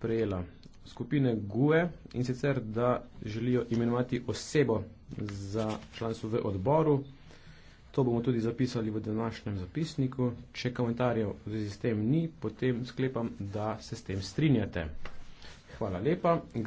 prejela skupine GUE in sicer, da želijo imenovati osebo za članstvo v odboru. To bomo tudi zapisali v današnjem zapisniku. Če komentarjev v zvezi s tem ni, potem sklepam, da se s tem strinjate. Hvala lepa.